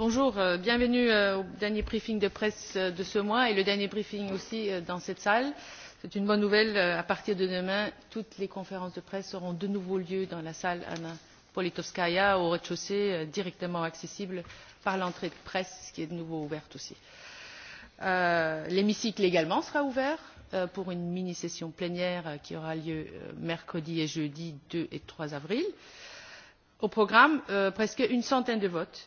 Bonjour, euh, bienvenue euh, au dernier briefing de presse euh, de ce mois et le dernier briefing aussi dans cette salle. C'est une bonne nouvelle, à partir de demain, toutes les conférences de presse auront de nouveau lieu dans la salle Anna Politkovskaya au rez-de-chaussée, directement accessible par l'entrée de presse qui est de nouveau ouverte aussi. Euh, L'hémicycle également sera ouvert euh, pour une mini-session plénière euh, qui aura lieu euh, mercredi et jeudi 2 et 3 avril. Au programme, euh, presque une centaine de votes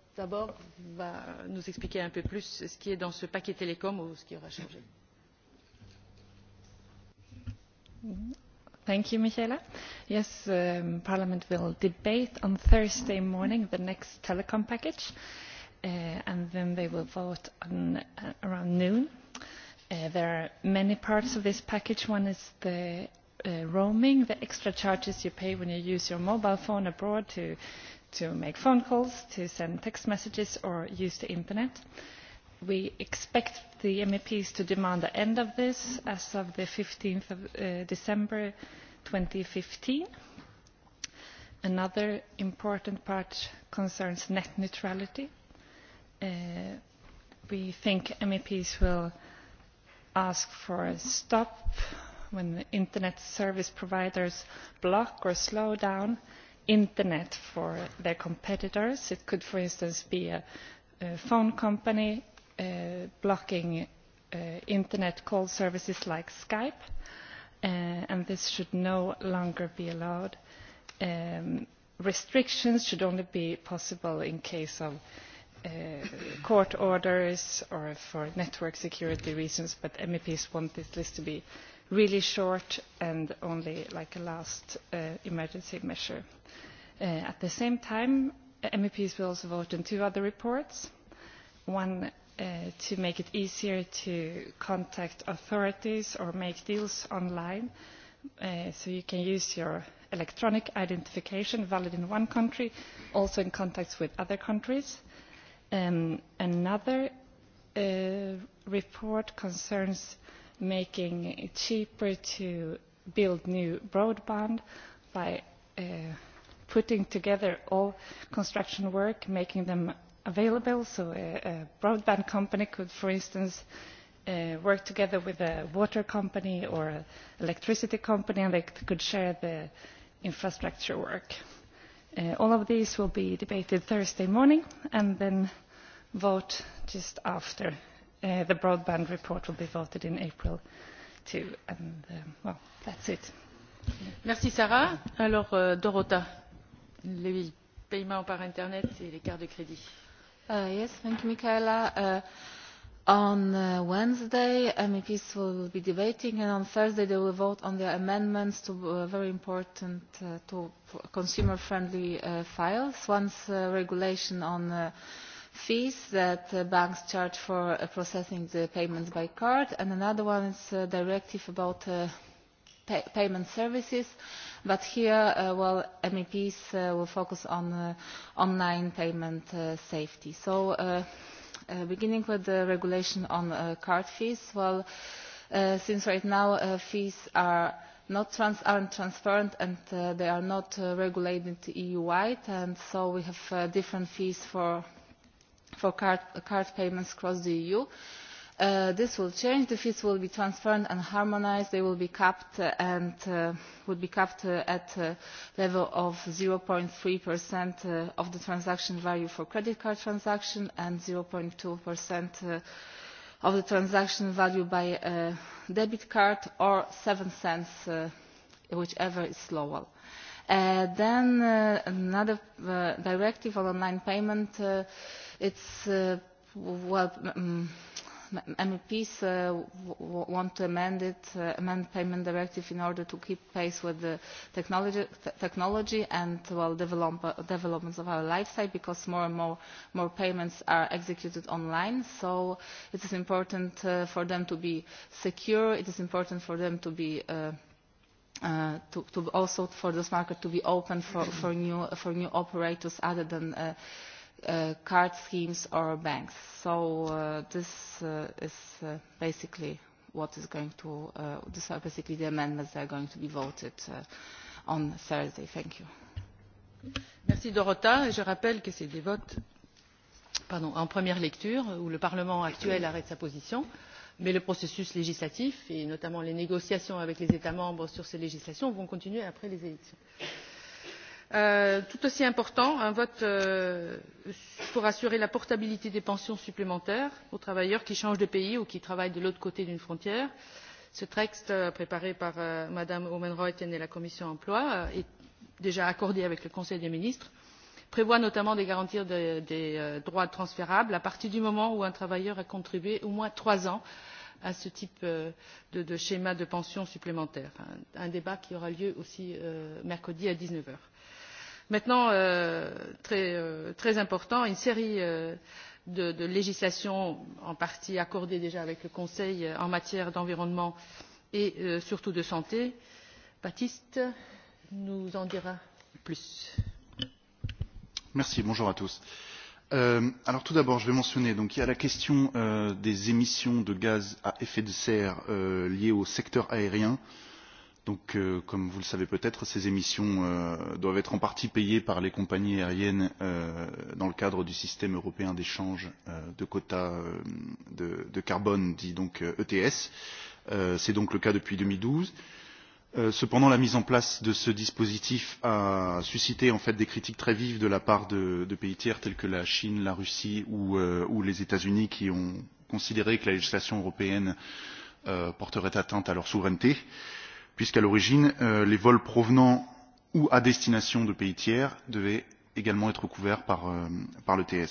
d'abord va nous expliquer un peu plus ce qui est dans ce paquet télécom ou ce qui aura changé. Thank you, Michaela. Yes, um, Parliament will debate on Thursday morning the next telecom package, uh, and then they will vote on, uh, around noon. Uh, there are many parts of this package. One is the uh, roaming, the extra charges you pay when you use your mobile phone abroad to to make phone calls, to send text messages or use the internet. We expect the MEPs to demand the end of this as of the 15th of uh, December 2015. Another important part concerns net neutrality. Uh, we think MEPs will ask for a stop when the internet service providers block or slow down uh, internet for their competitors. It could, for instance, be a, a phone company uh, blocking uh, internet call services like Skype, uh, and this should no longer be allowed. Um, restrictions should only be possible in case of uh, court orders or for network security reasons, but MEPs want this list to be uh, really short and only like a last uh, emergency measure. Uh, at the same time, MEPs will also vote on two other reports. One uh, to make it easier to contact authorities or make deals online. Uh, so you can use your electronic identification valid in one country, also in contacts with other countries. Um, another uh, report concerns uh, making it cheaper to build new broadband by uh, putting together all construction work, making them available. So a, a broadband company could, for instance, uh, work together with a water company or an electricity company and they could share the infrastructure work. Uh, all of these will be debated Thursday morning and then vote just after uh, the broadband report will be voted in April too. And um, well, that's it. Merci Sarah. Alors euh, Dorota, les paiements par Internet et les cartes de crédit. Uh, yes, thank you, Michaela. Uh, on uh, wednesday meps will be debating and on thursday they will vote on their amendments to uh, very important uh, consumer friendly uh, files one is uh, the regulation on uh, fees that uh, banks charge for uh, processing the payments by card and another one is a uh, directive about uh, pay payment services but here uh, well meps uh, will focus on online payment safety. so beginning with the regulation on card fees well since right now fees are not trans aren't transparent and they are not regulated eu wide and so we have different fees for for card, card payments across the eu. Uh, this will change the fees will be transparent and harmonised they will be capped uh, and uh, would be capped uh, at a level of. zero three uh, of the transaction value for credit card transactions and zero two uh, of the transaction value by a debit card or seven cents whichever is lower. Uh, then uh, another uh, directive on online payment, uh, it's, uh, well, um, MEPs uh, w want to amend it, uh, amend payment directive in order to keep pace with the technology, th technology and well, develop, uh, developments of our lifestyle because more and more, more payments are executed online. So it is important uh, for them to be secure. It is important for them to be uh, Uh, to, to also for this market to be open for, for, new, for new operators other than uh, uh, card schemes or banks. So uh, this uh, is uh, basically what is going to, uh, these are basically the amendments that are going to be voted uh, on Thursday. Thank you. Merci Dorota. Et je rappelle que c'est des votes pardon, en première lecture où le Parlement actuel arrête sa position. Euh, mais le processus législatif et notamment les négociations avec les états membres sur ces législations vont continuer après les élections. Euh, tout aussi important un vote euh, pour assurer la portabilité des pensions supplémentaires aux travailleurs qui changent de pays ou qui travaillent de l'autre côté d'une frontière. ce texte euh, préparé par euh, mme oomen ruijten et la commission de l'emploi et euh, déjà accordé avec le conseil des ministres prévoit notamment de garantir des, des euh, droits transférables à partir du moment où un travailleur a contribué au moins trois ans à ce type euh, de, de schéma de pension supplémentaire un, un débat qui aura lieu aussi euh, mercredi à dix neuf heures. maintenant euh, très, euh, très important une série euh, de, de législations en partie accordées déjà avec le conseil en matière d'environnement et surtout de santé baptiste nous en dira plus. Merci, bonjour à tous. Euh, alors tout d'abord, je vais mentionner, donc il y a la question euh, des émissions de gaz à effet de serre euh, liées au secteur aérien. Donc, euh, comme vous le savez peut-être, ces émissions euh, doivent être en partie payées par les compagnies aériennes euh, dans le cadre du système européen d'échange euh, de quotas euh, de, de carbone, dit donc euh, ETS. Euh, C'est donc le cas depuis 2012. Euh, Euh, cependant la mise en place de ce dispositif a suscité en fait des critiques très vives de la part de, de pays tiers tels que la chine la russie ou, euh, ou les états unis qui ont considéré que la législation européenne euh, porterait atteinte à leur souveraineté puisqu'à l'origine euh, les vols provenant ou à destination de pays tiers devaient également être couverts par, euh, par le ts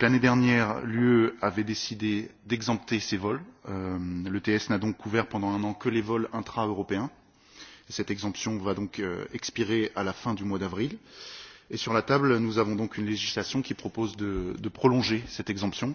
l'année dernière l'ue avait décidé d'exempter ces vols euh, l'ets n'a donc couvert pendant un an que les vols intraeuropéens cette exemption va donc euh, expirer à la fin du mois d'avril et sur la table nous avons donc une législation qui propose de, de prolonger cette exemption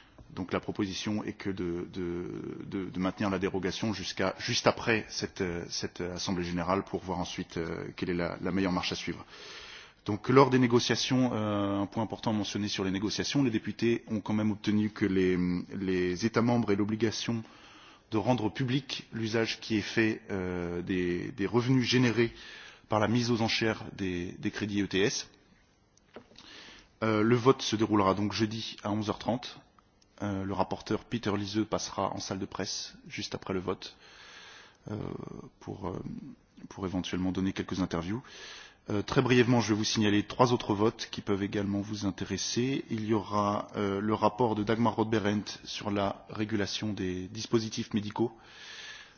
Donc la proposition est que de, de, de, de maintenir la dérogation jusqu'à juste après cette, cette assemblée générale pour voir ensuite euh, quelle est la, la meilleure marche à suivre. Donc lors des négociations, euh, un point important mentionné sur les négociations, les députés ont quand même obtenu que les, les États membres aient l'obligation de rendre public l'usage qui est fait euh, des, des revenus générés par la mise aux enchères des, des crédits ETS. Euh, le vote se déroulera donc jeudi à 11h30 Euh, le rapporteur Peter Liseux passera en salle de presse juste après le vote euh, pour, euh, pour éventuellement donner quelques interviews. Euh, très brièvement, je vais vous signaler trois autres votes qui peuvent également vous intéresser. Il y aura euh, le rapport de Dagmar Rodberent sur la régulation des dispositifs médicaux,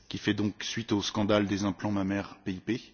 qui fait donc suite au scandale des implants mammaires PIP.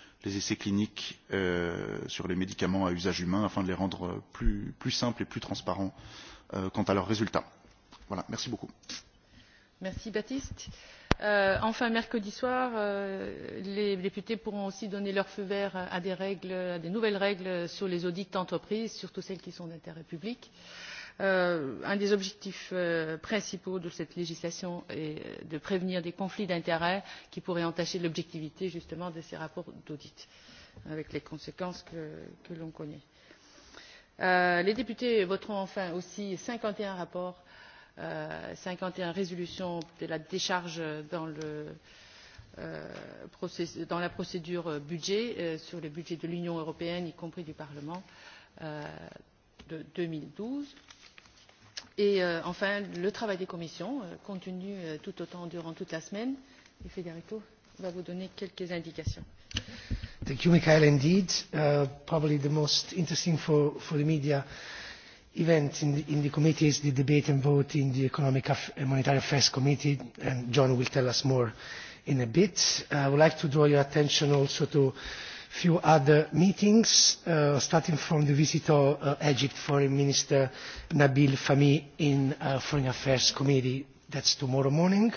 les essais cliniques euh, sur les médicaments à usage humain afin de les rendre euh, plus, plus simples et plus transparents euh, quant à leurs résultats. Voilà, merci beaucoup. Merci Baptiste. Euh, enfin, mercredi soir, euh, les députés pourront aussi donner leur feu vert à des, règles, à des nouvelles règles sur les audits d'entreprise, surtout celles qui sont d'intérêt public. Euh, Euh, un des objectifs euh, principaux de cette législation est de prévenir des conflits d'intérêts qui pourraient entacher l'objectivité justement de ces rapports d'audit avec les conséquences que, que l'on connaît. Euh, les députés voteront enfin aussi cinquante et un rapports euh, cinquante et un résolutions de la décharge dans, le, euh, process, dans la procédure budget euh, sur le budget de l'union européenne y compris du parlement de deux mille douze et euh, enfin le travail des commissions euh, continue euh, tout autant durant toute la semaine et federico va vous donner quelques indications. thank you michael indeed uh, probably the most interesting for, for the media event in the, in the committee is the debate and vote in the economic Aff and monetary affairs committee and john will tell us more in a bit. Uh, i would like to draw your attention also to few other meetings, uh, starting from the visit of uh, Egypt Foreign Minister Nabil Fahmy in uh, Foreign Affairs Committee that's tomorrow morning,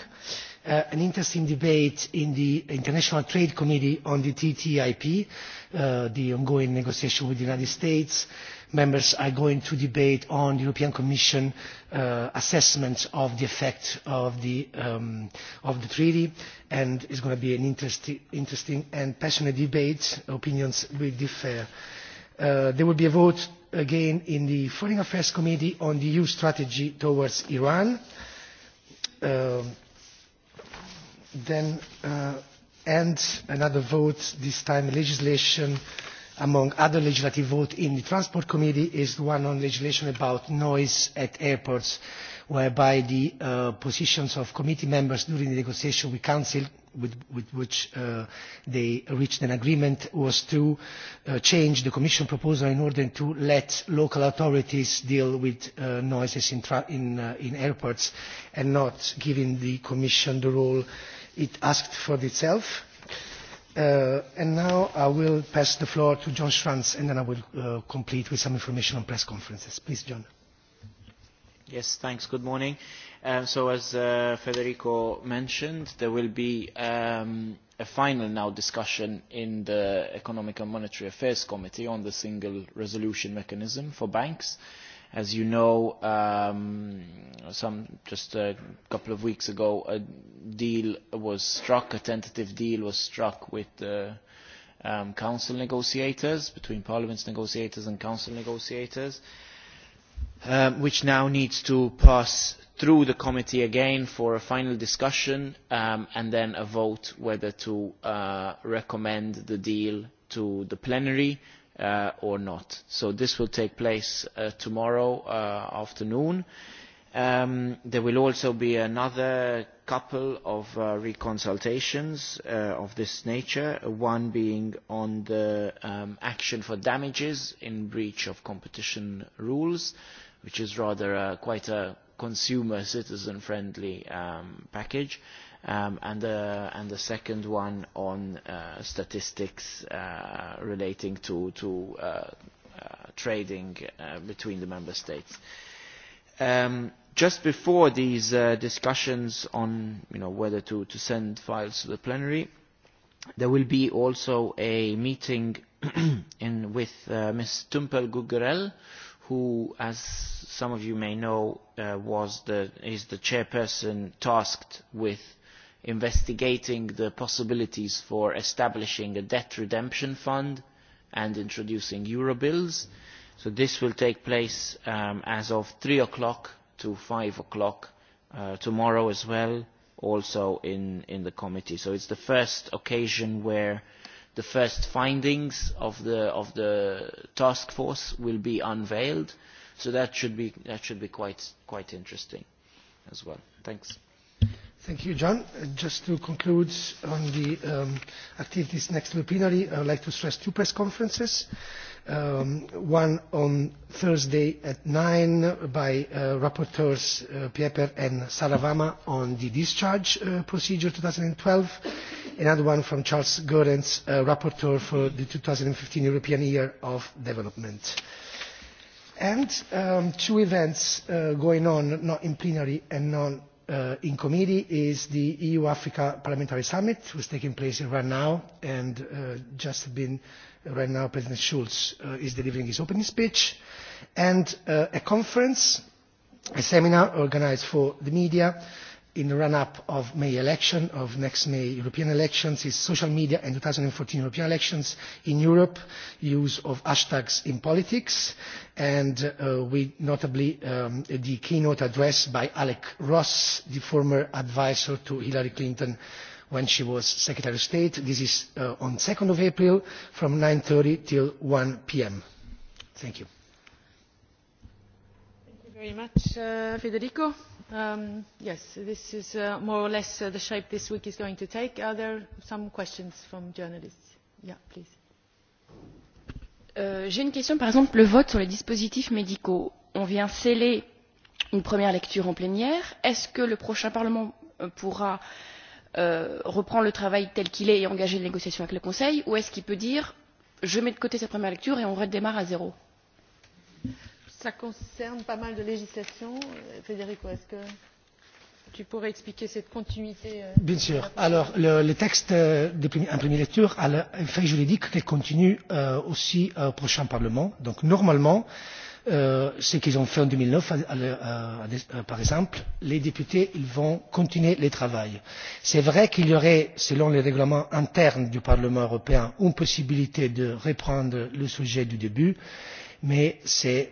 uh, an interesting debate in the International Trade Committee on the TTIP, uh, the ongoing negotiation with the United States. Members are going to debate on the European Commission uh, assessment of the effect of the, um, of the treaty, and it's going to be an interest interesting and passionate debate. Opinions will differ. Uh, there will be a vote again in the Foreign Affairs Committee on the EU strategy towards Iran. Uh, um, then uh, and another vote this time legislation uh, among other legislative votes in the transport committee is the one on legislation about noise at airports whereby the uh, positions of committee members during the negotiation with council with, with which uh, they reached an agreement was to uh, change the commission proposal in order to let local authorities deal with uh, noises in, tra in, uh, in airports and not giving the commission the role it asked for itself. Uh, Uh, and now I will pass the floor to John Schranz, and then I will uh, complete with some information on press conferences. Please, John. Yes, thanks. Good morning. Uh, so as uh, Federico mentioned, there will be um, a final now discussion in the Economic and Monetary Affairs Committee on the single resolution mechanism for banks. Uh, As you know, um, some just a couple of weeks ago, a deal was struck, a tentative deal was struck with the uh, um, council negotiators, between parliament's negotiators and council negotiators, um, which now needs to pass through the committee again for a final discussion um, and then a vote whether to uh, recommend the deal to the plenary uh, or not. So this will take place uh, tomorrow uh, afternoon. Um, there will also be another couple of uh, reconsultations uh, of this nature, one being on the um, action for damages in breach of competition rules, which is rather uh, quite a consumer citizen friendly um, package, Um, and, uh, and the second one on uh, statistics uh, relating to, to uh, uh, trading uh, between the member states. Um, just before these uh, discussions on you know, whether to, to send files to the plenary, there will be also a meeting in, with uh, Ms. Tumpel Guggerel, who, as some of you may know, uh, was the, is the chairperson tasked with uh, investigating the possibilities for establishing a debt redemption fund and introducing Eurobills. So this will take place um, as of 3 o'clock to 5 o'clock uh, tomorrow as well, also in, in the committee. So it's the first occasion where the first findings of the, of the task force will be unveiled. So that should be, that should be quite, quite interesting as well. Thanks. Thank you, John. Uh, just to conclude on the um, activities next to the plenary, I would like to stress two press conferences. Um, one on Thursday at 9 by uh, rapporteurs uh, Pieper and Saravama on the discharge uh, procedure 2012. Another one from Charles Goerens, uh, rapporteur for the 2015 European Year of Development and um, two events uh, going on, not in plenary and not uh, in committee is the EU Africa Parliamentary Summit, which is taking place in right now, and uh, just been uh, right now President Schulz uh, is delivering his opening speech, and uh, a conference, a seminar organized for the media, in the run-up of May election, of next May European elections, is social media and 2014 European elections in Europe, use of hashtags in politics, and uh, we notably um, the keynote address by Alec Ross, the former advisor to Hillary Clinton when she was Secretary of State. This is uh, on 2nd of April from 9.30 till 1 p.m. Thank you. Thank you very much, uh, Federico. Um, yes this is uh, more or less uh, the shape this week is going to take. are there some questions from journalists? Yeah, please. Euh, j'ai une question par exemple le vote sur les dispositifs médicaux on vient sceller une première lecture en plénière est ce que le prochain parlement euh, pourra euh, reprendre le travail tel qu'il est et engager les négociations avec le conseil ou est ce qu'il peut dire je mets de côté cette première lecture et on redémarre à zéro? Ça concerne pas mal de législations. Euh, Federico, est-ce que tu pourrais expliquer cette continuité euh, Bien sûr. Alors, le, le texte euh, de, en première lecture a l'effet juridique qu'il continue euh, aussi euh, au prochain Parlement. Donc, normalement, euh, ce qu'ils ont fait en 2009, à, à, à, à, euh, par exemple, les députés ils vont continuer le travail. C'est vrai qu'il y aurait, selon les règlements internes du Parlement européen, une possibilité de reprendre le sujet du début, mais c'est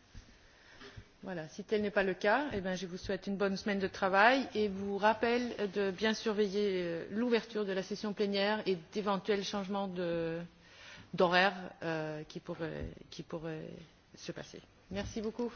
Voilà, si tel n'est pas le cas eh bien, je vous souhaite une bonne semaine de travail et vous rappelle de bien surveiller euh, l'ouverture de la session plénière et d'éventuels changements d'horaire euh, qui, qui pourraient se passer. merci beaucoup.